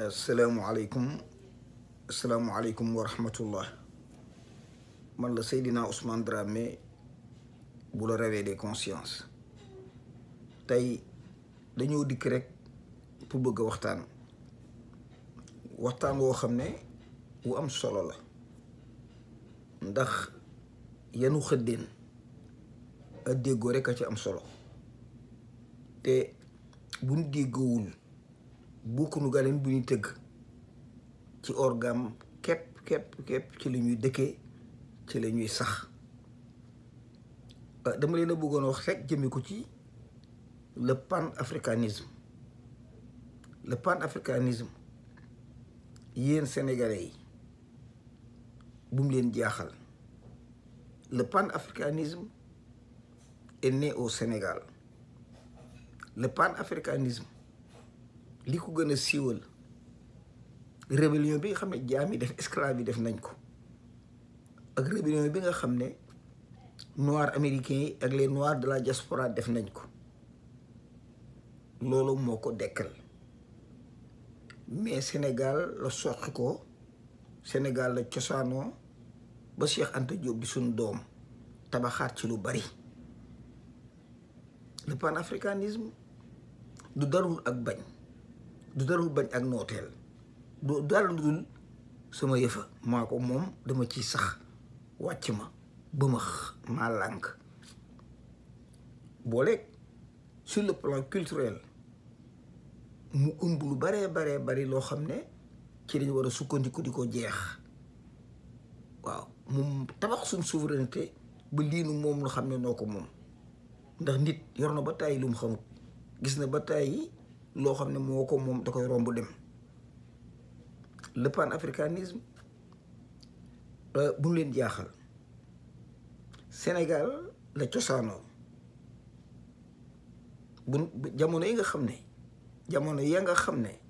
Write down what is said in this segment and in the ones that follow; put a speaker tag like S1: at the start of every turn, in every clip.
S1: asalaamualeykum asalaamualeykum wa rahmatullah man la Seydina Ousmane Dramé bu la réveil des consciences tey dañoo dikk rek pour bëgg a waxtaan waxtaan woo xam ne wu am solo la ndax yanu xëddeen a déggoo rek a ci am solo te buñ déggoowul bokkunu galeen bu ñuy tëgg ci orgam képp képp képp ci la ñuy dëkkee ci la ñuy sax euh, dama leen a bëggoon wax rek jëme ko ci le panafricanisme le panafricanisme yéen sénégalais yi bu mu leen jaaxal le panafricanisme est né au Sénégal le panafricanisme li ko gën a siiwal rébellion bi nga xam ne jaam yi def esclave yi def nañ ko ak rébellion bi nga xam ne noirs américains yi ak les noirs de la diaspora def nañ ko loolu moo ko dekkal mais Sénégal la soqi ko Sénégal la cosaanoo ba Cheikh Anta Diop di suñu doom tabaxaat ci lu bari le panafricanisme du darul ak bañ du dara bañ ak nooteel du dara lu dul sama yëfa maa ko moom dama ci sax wàcc ma ba ma maa lànk booleeg sur le culturel mu ëmb lu baree baree bari loo xam ne ci lañ war a sukkandiku di ko jeex waaw mu tabax suñ souveraineté ba liinu moom lu xam ne noo ko moom ndax nit yor na ba tàyyi lu mu xamut gis na ba tàyyi loo xam ne moo ko moom da koy romb dem le panafricanisme euh, bu leen jaaxal Sénégal la cosaanoo bu jamono yi nga xam ne jamono ya nga xam ne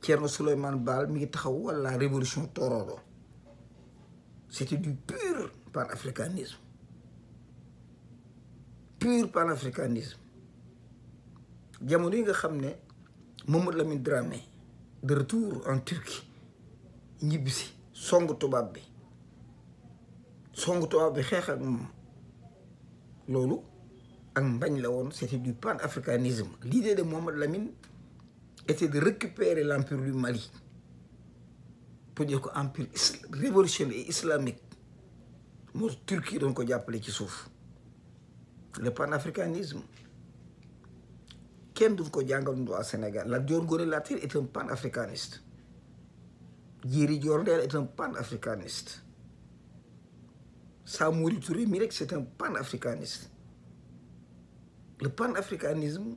S1: Thierno Souleymane Baal mi ngi taxaw wala révolution Tororo c'était du pur panafricanisme pur panafricanisme jamono yi nga xam ne Mamadou Lamine Dramé de retour en Turquie ñibbisi songu tubaab bi songu tubaab bi xeex ak moom loolu ak mbañ la woon c'était du panafricanisme l'idée de Mamadou Lamine était de récupérer l'empire du Mali pour dire ko empire révolutionnaire et islamique moo Turquie doon ko jàppale ci suuf le panafricanisme kenn du ko jàngal droit Sénégal Lat Dior Ngoné Latyr est un panafricaniste Djéri Dior Ndella est un panafricaniste Samori Touré mi rek c'est un panafricaniste le panafricanisme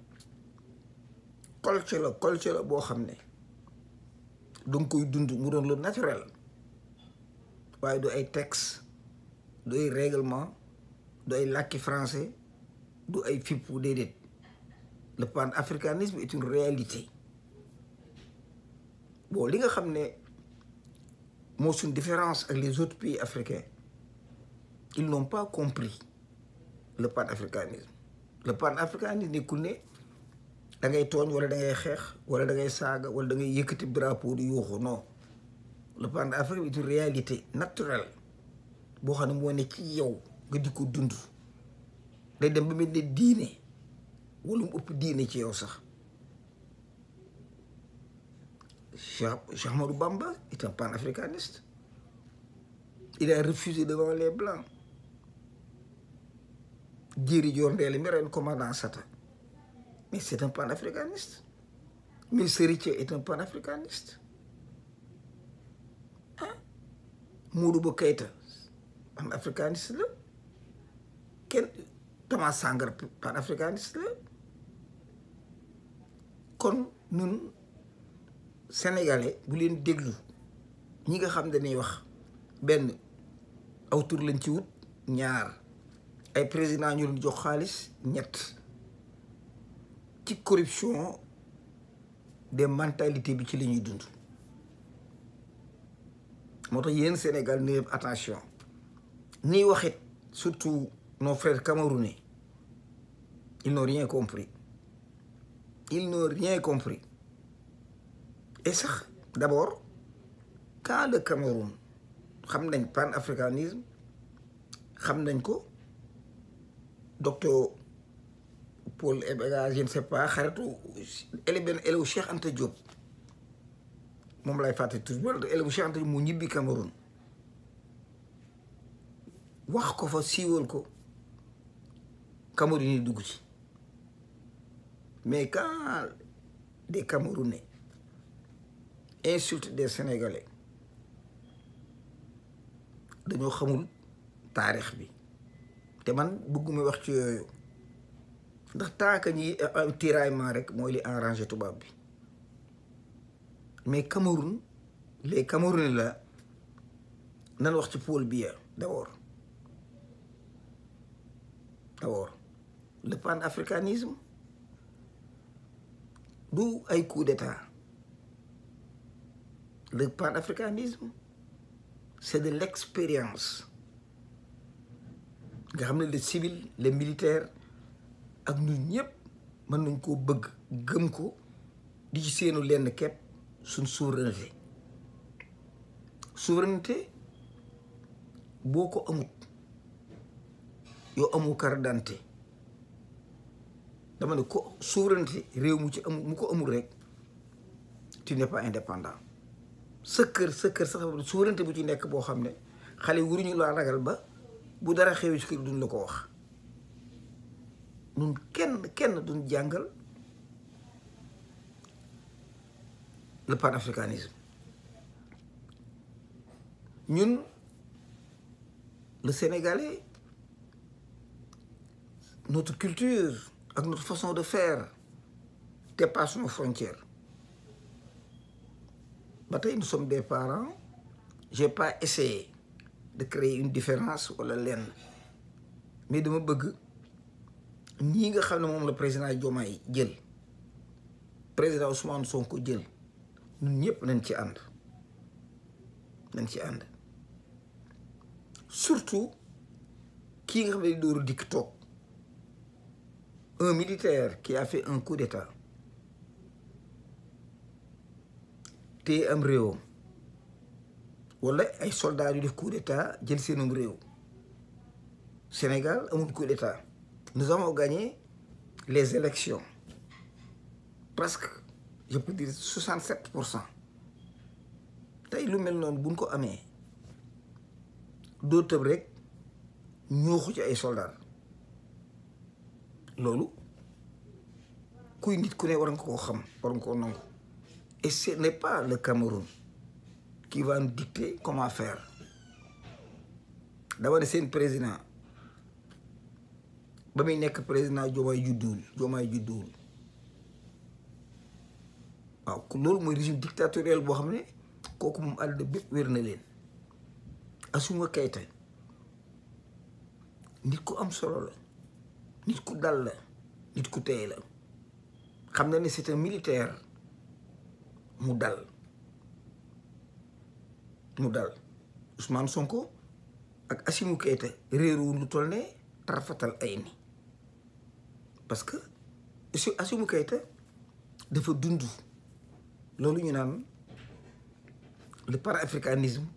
S1: culture la culture la boo xam ne danga koy dund mu doon lu naturel waaye du ay texte du ay règlement du ay làkki français du ay fippu déedéet le panafricanisme est une réalité bon li nga xam ne moo suñ différence ak les autres pays africains ils n'ont pas compris le panafricanisme le panafricanisme nekkul ne da ngay tooñ wala da ngay xeex wala da ngay saaga wala da ngay yëkkati drapeau di yuuxu non le panafricanisme est une réalité naturelle boo xam ne moo ne ci yow nga di ko dund day dem ba mel ne diine wala mu ëpp diine ci yow sax Cheikh Ahmadou Bamba est un panafricaniste il a refusé devant les blancs Djeri Dior Ndelle mi ren commandant Sata mais c'est un panafricaniste mais Serigne est un panafricaniste ah Modibo Keïta panafricaniste la kenn Thomas Sankara panafricaniste la. kon ñun sénégalais bu leen déglu ñi nga xam dañuy wax benn aw tur lañ ci wut ñaar ay président ñu leen jox xaalis ñett ci corruption de mentalités bi ci la ñuy dund moo tax yéen Sénégal ne attention nii waxit surtout nos frères camerounais ils n'ont rien compris ils n'ont rien compris et sax d'abord quand le Cameroun xam nañ panafricanisme xam nañ ko docteur Paul Ebega je ne sais pas xaritu ele benn élève Cheikh Anta Diop moom lay fàtte toujours mu ñibbi Cameroun wax ko fa siiwal ko Cameroun yi dugg ci Mais quand des Camerounais insultent des Sénégalais, dañoo xamul taarix bi te man bëgguma wax ci yooyu ndax tant que ñi euh, tiraillement rek mooy li arrangé tubaab bi mais Cameroun les Camerounais la nan wax ci Paul Biya d'abord d'abord le panafricanisme du ay coup d'état le panafricanisme c'est de l'expérience nga xam ne le civil le militaire ak ñun ñëpp mën nañ koo bëgg gëm ko di ci seenu lenn kepp suñ souveraineté souveraineté boo ko amut yow amoo carte d'identité dama ne ko souveraineté réew mu ci amul mu ko amul rek tu n'es pas indépendant sa kër sa kër sax souveraineté bu ci nekk boo xam ne xale ñu laa ragal ba bu dara xewee si kër duñ la ko wax nun kenn kenn duñ jàngal le panafricanisme ñun le sénégalais notre culture ak notre façon de faire dépasse nos frontières ba tey nous sommes des parents j'ai pas essayé de créer une différence walla lenn mais dama bëgg nii nga xam ne moom la président Diomaye jël président Ousmane ko jël ñun ñëpp nañ ci ànd nañ ci ànd surtout kii nga xam ne door dikk toog un militaire qui a fait un coup d'état te am réewam wala ay soldats yu def coup d'état jël seenum réew Sénégal amul coup d'état nous avons gagné les élections presque je peux dire 67 pour cent tey lu mel noonu buñ ko amee doo tëb rek ñooxu ci ay soldats loolu kuy nit ku ne war nga koo xam war nga koo nangu et ce n'est pas le Cameroun qui va nous dicter comment dama ne seen président ba muy nekk président Diomaye judduwul Diomaye judduwul waaw loolu mooy régime dictatorial boo xam ne kooku moom àll bépp wér na leen Assimi Goïta nit ku am solo la nit ku dal la nit ku teey la xam na ni c'est militaire mu dal mu dal Ousmane Sonko ak Assimi Goïta réeru lu toll ne tarfatal ay ni parce que Assimi Goïta dafa dund loolu ñu naan le panafricanisme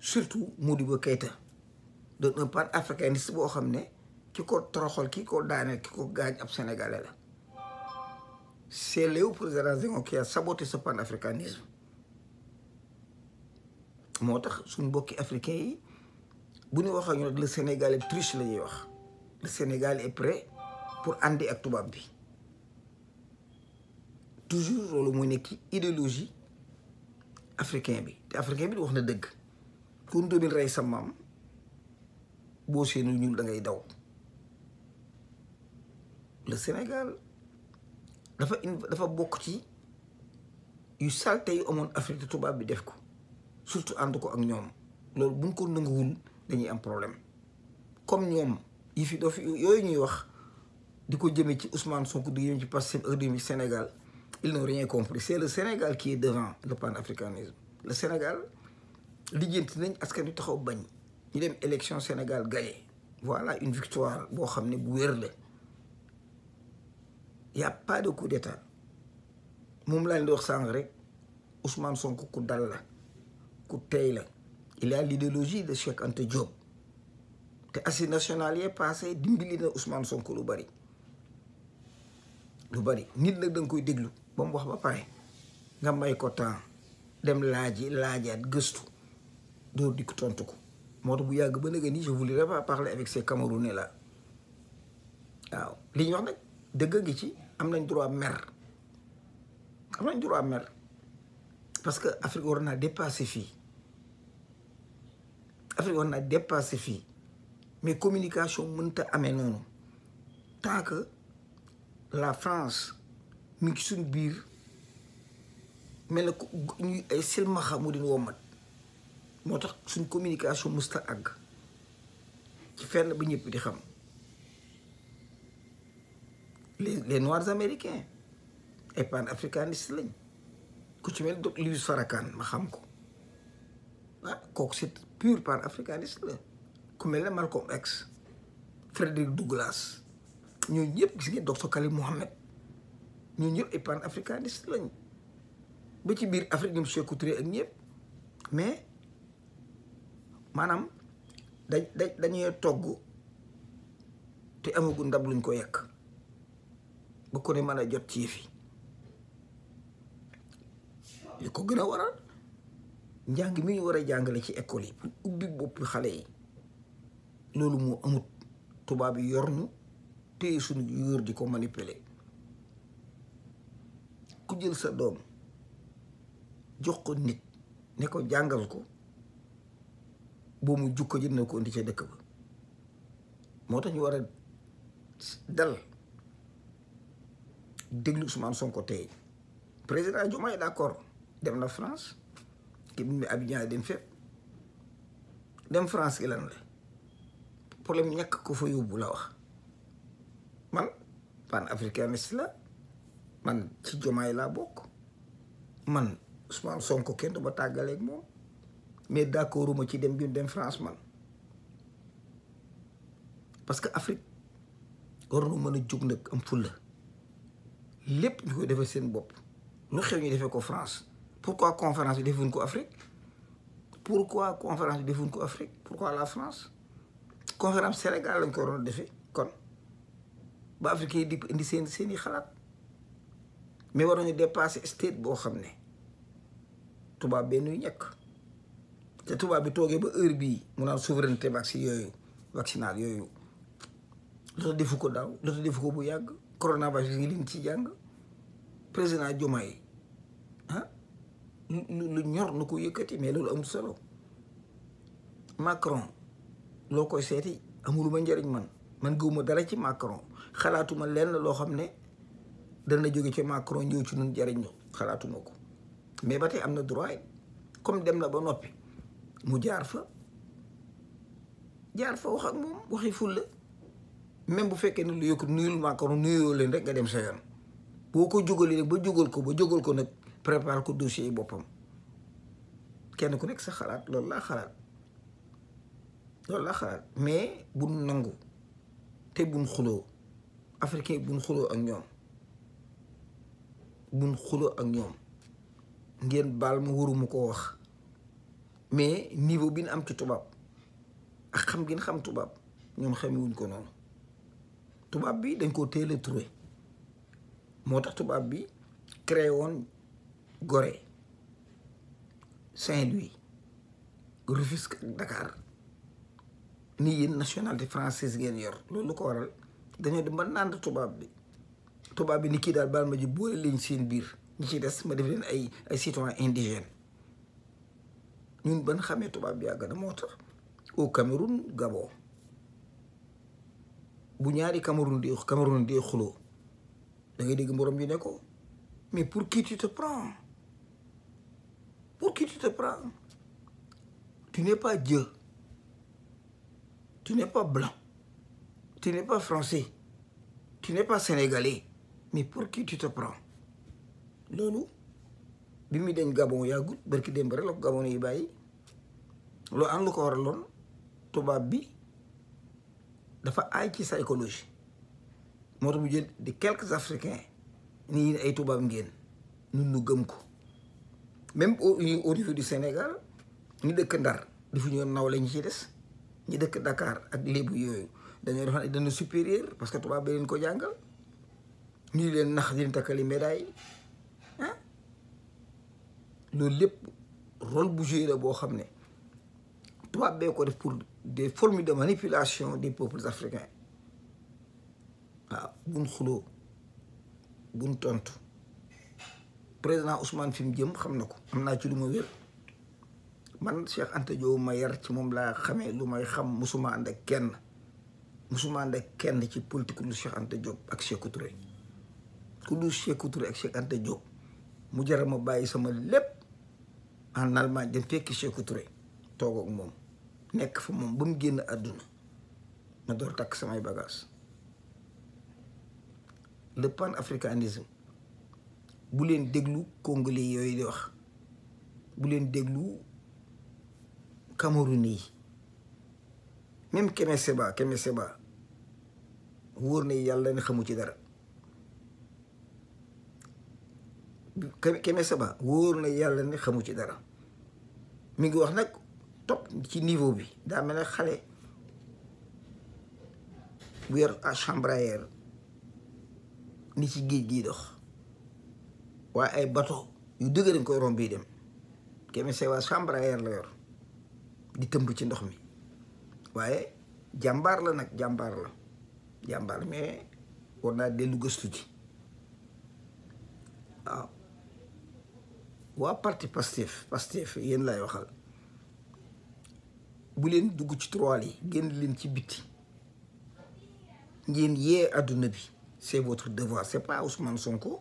S1: surtout Modibo Keïta doon un panafricaniste boo xam ne ci ko toroxal ki ko daaneel ki ko gaañ ab sénégalais la c'est Léopold Sédar Senghor qui a saboté ce panafricanisme moo tax suñu mbokki africain yi bu ñu waxee ñu nag le triche la ñuy wax le Sénégal est prêt pour àndi ak tubaab bi toujours loolu mooy nekk idéologie africain bi te africain bi wax na dëgg. kon doomin rey sa maam boo seenu ñuul da ngay daw. le Sénégal dafa in bokk ci yu salte yu amoon Afrique te tubaab bi def ko surtout ànd ko ak ñoom loolu buñ ko nanguwul dañuy am problème comme ñoom yi fi doo fi yooyu ñuy wax di ko jëmee ci Ousmane Sonko di jëmee ci Pastef ak di Sénégal ils n'ont rien compris c'est le Sénégal qui est devant pan panafricanisme le Sénégal lijjanti nañ askan wi taxaw bañ ñu dem élection Sénégal gagné voilà une victoire boo xam ne bu wér la y a pas de coup d'état moom laa leen di wax sànq rek Ousmane sonk ku dal la ku tey la il a l'idéologie de Cheikh Anta Diop te assises nationales yee passé dimbali na Ousmane sonk lu bari lu bari nit la da koy déglu ba mu wax ba pare nga may ko temps dem laaj laaji laajaat gëstu doo dikk tontu ko moo tax bu yàgg ba léegi nii je voulais pas parler avec ces Camerounais là waaw li ñu wax nag dëgg ngi ci. am nañ droit maire am nañ droit mer parce que Afrique war naa dépassé fii Afrique war naa dépassé fii mais communication mënta amee noonu tant que la France mi ngi suñ biir mel na ñu ay silmaxa mu din womat moo tax suñ communication musta àgg ci fenn ba ñëpp di xam les les americain ay ay panafricanistes lañ ku ci mel donc Louis Farrakhan ma xam ko ah kooku c'est pan panafricaniste la ku mel ne Malcolm X Frederick Douglass ñooñu ñëpp si ngeen docteur Khalid Mohamed ñooñu ñëpp ay panafricaniste lañ ba ci biir Afrique ñoom Sékou Touré ak ñëpp mais maanaam dañ dañ dañuy togg te amagu ndab luñ ko yekk ba ku ne mën a jot ci yëf yi ko gën a waral njàng mi ñu war a jàngale ci école yi pour ubbi boppi xale yi loolu moo amut tubaab yi yor nu téye suñu yóor di ko manipuler ku jël sa doom jox ko nit ne ko jàngal ko boo mu jukko jënd ko indi ca dëkk ba moo tax ñu war a dal déglu Ousmane Sonko tey président Diomaye d'accord dem na France ki mu ne dem France gi lan la problème ñàkk ko fa yóbbu la wax man si la man ci Diomaye laa bokk man Ousmane Sonko kenn du ma tàggaleeg moom mais d'accorduma ci dem bi dem France man parce que Afrique war na mën a jóg nag am fulla lépp ñu koy defee seen bopp nu xew ñu defee ko France pourquoi conférence bi defuñ ko Afrique pourquoi conférence bi defuñ ko Afrique pourquoi la France conférence Sénégal lañ ko waroon defee kon ba Afrique yi di indi seen seen i xalaat mais war nañu dépasser state boo xam ne tubaab benn yu ñekk te tubaab bi toogee ba heure bii mu naan souveraineté vaccin yooyu vaccinal yooyu lu tax defu ko daaw lu tax defu ko bu yàgg. coronavirus yi liñ ci jàng président Diomaye ah lu ñor nu ko yëkkati mais loolu am solo Macron loo koy seeti amuluma njëriñ man man gëwuma dara ci Macron xalaatuma lenn loo xam ne dana jóge ci Macron ñëw ci nun jëriñ ñu xalaatuma ko mais ba te am na droit comme dem na ba noppi mu jaar fa jaar fa wax ak moom waxi fulla même bu fekkee ne lu yokk nuyul Macron nuyoo leen rek nga dem sa yoon boo ko jógalee ba jógal ko ba jógal ko nag préparer ko dossier yi boppam kenn ku nekk sa xalaat loolu laa xalaat loolu laa mais bu nangu te buñ xuloo africain buñ xuloo ak ñoom buñ xuloo ak ñoom ngeen baal ma waruma ko wax mais niveau bi ñu am ci tubaab ak xam ngeen xam tubaab ñoom xamewuñ ko noonu tubaab bi dañ koo teel a moo tax tubaab bi créé woon Gorée Saint-Louis Rufisque ak Dakar ni yéen nationalité française ngeen yor loolu lu ko waral dañoo dem ba nànd tubaab bi tubaab bi ni kii daal baal ma ji boole lañ seen biir ñi ci des ma def leen ay ay citoyen indigène ñun ban xamee tubaab bi yàgg na moo tax o Cameroun Gabon bu ñaari Cameroun di Cameroun di xuloo da ngay dégg moroom bi ne ko mais pour qui tu te prends pour qui tu te prends tu n'es pas Dieu tu n'es pas blanc tu n'es pas français tu n'es pas sénégalais mais pour qui tu te prends loolu bi muy dañ Gabon yàggut barki démb rek la ko Gabon yi bàyyi loo am lu ko waraloon tubaab bi dafa aay ci sa écologie moo tax mu jël di quelques africains ni ay tubaab ngeen ñun ñu gëm ko même au au niveau du Sénégal ñu dëkk Ndar dafa ñoo naw la ñu ci des ñu dëkk Dakar ak lébu yooyu dañoo defa ne dana supérieur parce que tubaab ba leen ko jàngal ñu leen nax di leen takkali médaille ah loolu lépp rôle bu joué boo xam ne tubaab bee ko def pour des formes de manipulation des peuples africains waaw buñ xuloo buñ tontu président Ousmane fi jëm xam na ko am naa ci lu ma wér man Cheikh ante Diop ma yar ci moom laa xamee lu may xam musuma ànd ak kenn musuma ànd ak kenn ci politique lu Cheikh Anta Diop ak Sékou Touré ku ak Cheikh Anta mu jaral ma bàyyi sama lépp en Allemagne dem fekki Sékou Touré moom nekk fa moom ba mu génn àdduna ma door takk samay bagage le panafricanisme bu leen déglu congolais yooyu di wax bu leen déglu camerounais yi même Kemi Seba Kemi Seba wóor na yàlla ne xamu ci dara Kemi Seba wóor na yàlla ne xamu ci dara mi ngi wax nag top ci niveau bi daa mel ne xale bu yor à chambre à air ci géej gii dox waaye ay bateau yu dëgg dañ koy romb yi dem kéeme say waa chambre la yor di tëmb ci ndox mi waaye jàmbaar la nag jàmbaar la jàmbaar mais war naa dellu gëstu ci waaw waa parti Pastef Pastef yéen lay waxal bu leen dugg ci tiroir yi génn leen ci biti ngeen yee àdduna bi c'est votre devoir c'est pas Ousmane Sonko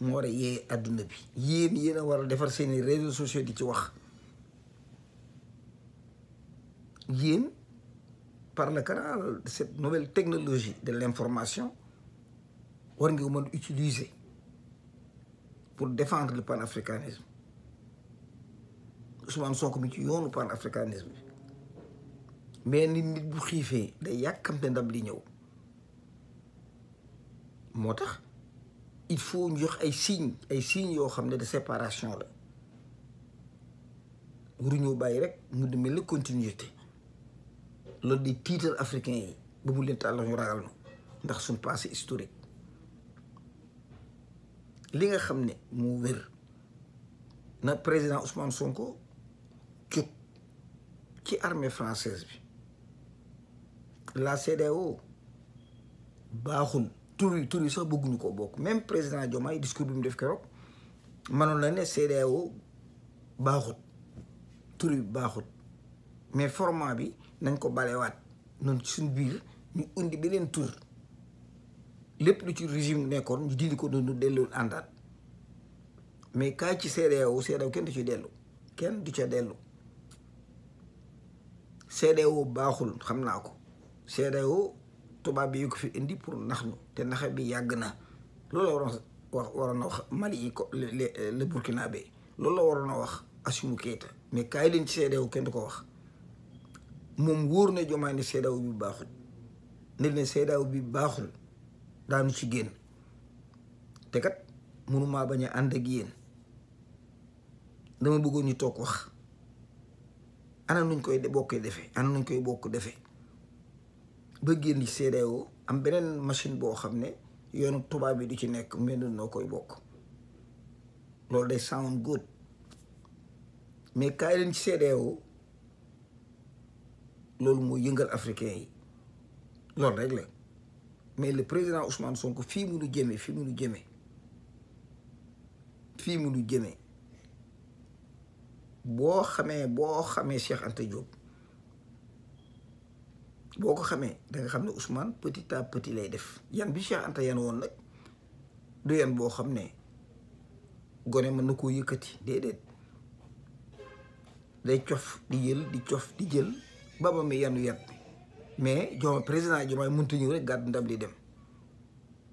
S1: moo war a yee àdduna bi yéen yéen a war a defar seeni réseaux sociaux di ci wax yéen par le canal de cette nouvelle technologie de l'information war nga mën utiliser pour défendre le panafricanisme Ousmane Sonko mi ci yoonu panafricanisme bi mais nit nit bu xiifee day yàkkamte ndab li ñëw moo tax il faut ñu jox ay signes ay signes yoo xam ne de séparation la waruñoo bàyyi rek mu demee la continuité loolu di tiital africain yi ba mu leen tàlla ñu ragal ñu ndax suñ passé historique li nga xam ne mu wér na président Ousmane Sonko jóg ci armée française bi laa CEDEAO baaxul tur yi tur yi sax bëgguñu ko bokk même président Diomaye discours bi mu def keroog manoon na ne CEDEAO baaxut turi yi baaxut mais format bi nañ ko balewaat noonu suñ biir ñu indi beneen tur lépp lu ci régime nekkoon ñu dindi ko noonu dellu àndaat mais kaay ci CEDEAO CEDEAO kenn du ci dellu kenn du ca dellu CEDEAO baaxul xam naa ko CEDEAO tubaab bi yu ko fi indi pour nax ñu te naxe bi yàgg na loolu la waroon wax wax Mali yi ko le Burkina loolu la waroon a wax Assimi Goïta mais kaay leen ci CEDEAO kenn du ko wax moom wóor na jomaay ne bi baaxul ne ne CEDEAO bi baaxul daanu ci génn te kat mënumaa bañ a ànd ak yéen dama bëggoon ñu toog wax ana nuñ koy bokkee defee ana nuñ koy bokk defee ba génn CEDEAO am beneen machine boo xam ne yoonu tubaab bi du ci nekk mel noo koy bokk loolu day sound good mais kaay leen ci CEDEAO loolu mooy yëngal africain yi loolu rek la mais le président Ousmane Sonko fii munu nu fii munu nu fii munu jëme boo xamee boo xamee Cheikh Anta Diop. boo ko xamee da nga xam ne Ousmane petit à petit lay def yan bi Cheikh Anta yan woon nag du yan boo xam ne gone mën na koo yëkkati déedéet day cof di jël di cof di jël ba ba mi yanu yan mais joma président Diomaye mënta ñëw rek gàddu ndab li dem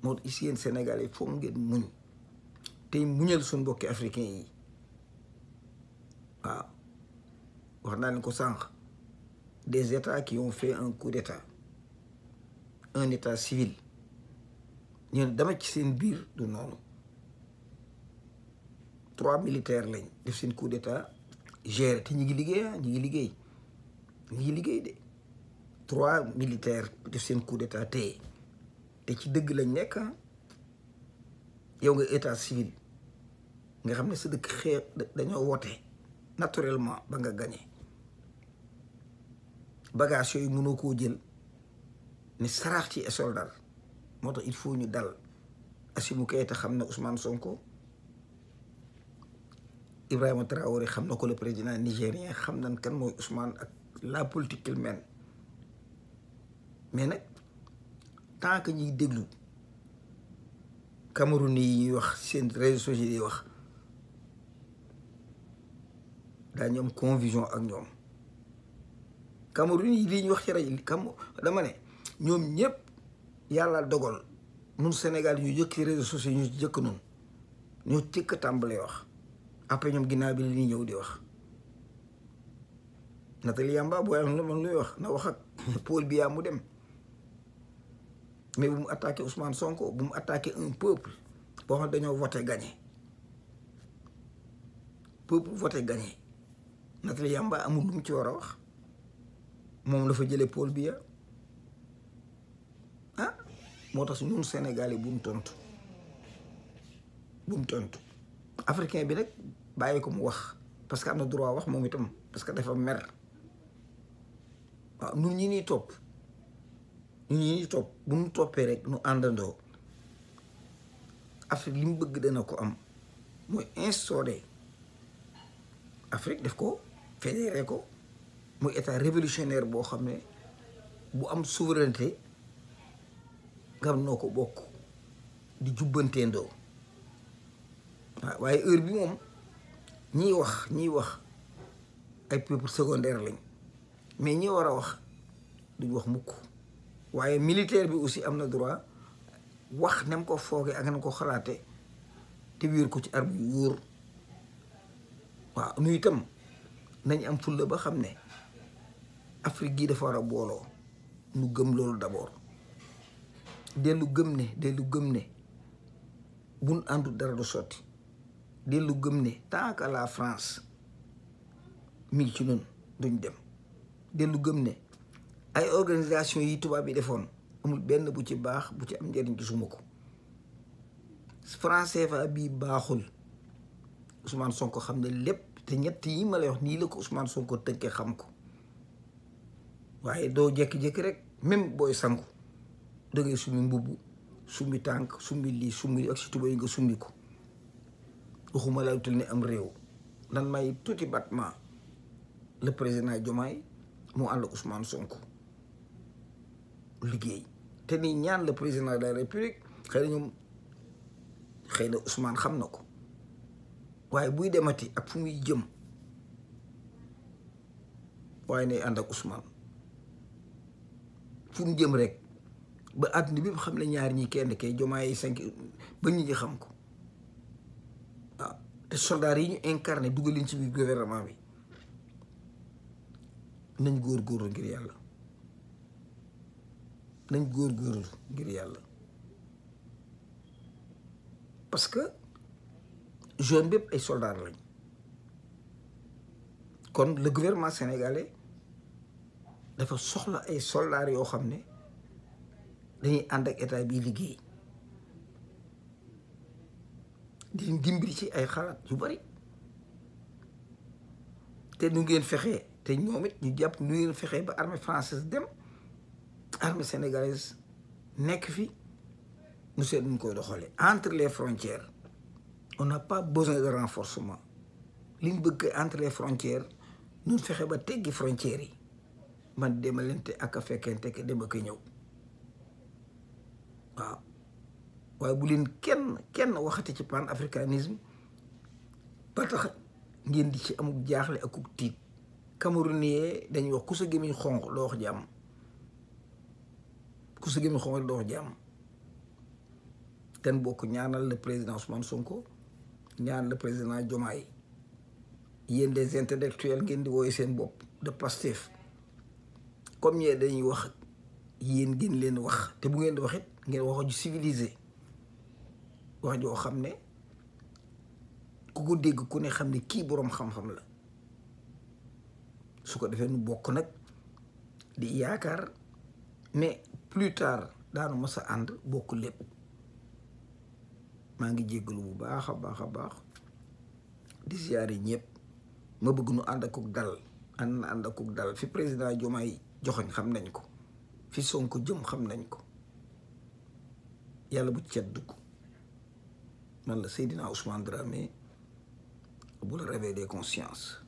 S1: moo ici yéen Sénégalais foog ngeen muñ tey muñal suñ mbokki africain yi waaw wax naa ne ko sànq des États qui ont fait un coup d'État un État civil ñu ne dama ci seen biir du noonu trois militaires lañ def seen coup d'État géré te ñu ngi liggéey ah ñu ngi liggéey ñu ngi liggéey de trois militaires def seen coup d'État téye te ci dëgg lañ nekk yow nga état civil nga xam ne sa dëkk xeex dañoo woote naturellement ba nga gañe bagage yooyu mënoo koo jën ni saraax ci esol dal moo tax il faut ñu dal Assimi Goïta xam na Ousmane Sonko Ibrahima Traoré xam na ko le président nigérien xam na kan mooy Ousmane ak la politique qu'il mais nag tant que ñuy déglu Cameroun yi ñuy wax seen réseaux sociaux yi wax daa ñoom confusion ak ñoom Cameroun yi lii ñu wax ci rajo kam dama ne ñoom ñëpp yàlla dogal nun Sénégal ñu jëkk ci réseaux sociaux ñu jëkk noonu ñoo jëkk tàmbalee wax après ñoom ginnaaw bi li ñuy ñëw di wax Nathalie Yamba booy am na man wax na wax ak Paul mu dem mais bu mu attaqué Sonko bu mu attaqué un peuple boo xam dañoo voté gagné peuple voté gagné Nathalie Yamba amul lu mu ci war a wax moom dafa jële Paul Biya ah moo tax ñun Sénégalais bu mu tontu bu mu tontu africain bi nag bàyyi ko mu wax parce que am na droit wax moom itam parce que dafa mer waaw ñun ñi ñuy topp ñun ñi topp bu ñu toppee rek nu àndandoo Afrique li mu bëgg dana ko am mooy instauré Afrique def ko fédéré ko. muy état révolutionnaire boo xam ne bu am souveraineté nga noo ko bokk di jubbanteendoo waaw waaye heure bi moom ñiy wax ñiy wax ay peuple secondaire lañ mais ñi war a wax duñ wax mukk waaye militaire bi aussi am na droit wax na mu ko foogee ak na ko xalaate te wéer ko ci arme yu wóor waaw nu itam nañ am fulla ba xam ne Afrique gi dafa war a booloo nu gëm loolu d'abord dellu gëm ne dellu gëm ne buñ àndul dara du sotti dellu gëm ne tant que la France mi ngi ci noonu duñ dem dellu gëm ne ay organisation yi tubaab yi defoon amul benn bu ci baax bu ci am njëriñ gisuma ko français fa bii baaxul Ousmane Sonko xam ne lépp te ñett yi ma lay wax nii la ko Ousmane Sonko tënkee xam ko waaye doo jékki-jékki rek même booy sangu da ngay summi mbubb summi tànk summi lii summi ak si tuba nga summi ko waxuma laa tul ni am réew nan may tuuti battement le président Diomaye moo ànd ak Ousmane Sonko liggéey te ni ñaan le président de la république xëy na ñoom xëy na Ousmane xam na ko waaye buy demati ak fu muy jëm waaye nay ànd ak Ousmane fu jëm rek ba àdduna bi xam ne ñaar ñi kenn kay jomaay cinq ba ñu ñi xam ko waaw ah, te soldats yi ñu incarné dugalin si biir gouvernement bi nañ góor-góorlu ngir yàlla nañ góor-góorlu ngir yàlla parce que jeune bépp ay soldats lañ kon le gouvernement sénégalais dafa soxla ay soldaar yoo xam ne dañuy ànd ak état bii liggéey di dimbali ci ay xalaat yu bari te nu ngeen fexee te ñoom it ñu jàpp nu ngeen fexee ba armée française dem armée sénégalaise nekk fi nu seet nu koy doxalee entre les frontières on n'a pas besoin de renforcement liñ bëgg entre les frontières nu fexe ba teggi frontières yi man demalante ak a fekkente ke dama ko ñëw waaw waaye bu leen kenn kenn waxati ci pan africanisme ba tax ngeen di ci amuk jaaxle akuk tiit Cameroun yee dañuy wax ku sa gémmiñ xonq doo wax jàmm ku sa gémmiñ xonq doo wax jàmm ten bokk ñaanal le président Ousmane Sonko ñaanal le président jomaay yéen des intellectuels ngeen di wooye seen bopp de Pastef comme ñee dañuy wax yéen ngeen leen wax te bu ngeen di wax ngeen wax a ju civilisé wax joo xam ne ku ko dégg ku ne xam ne kii boroom xam-xam la su ko defee nu bokk nag di yaakaar ne plus tard daanu mës a ànd bokk lépp maa ngi jéggalu bu baax a baax a baax di yi ñëpp ma bëgg nu ànd ak dal ànd ànd ak dal fi président yi joxoñ xam nañ ko fi Sonko jëm xam nañ ko yàlla bu cet cat dugg man la dinaa Ousmane Dramé bu la réveillé conscience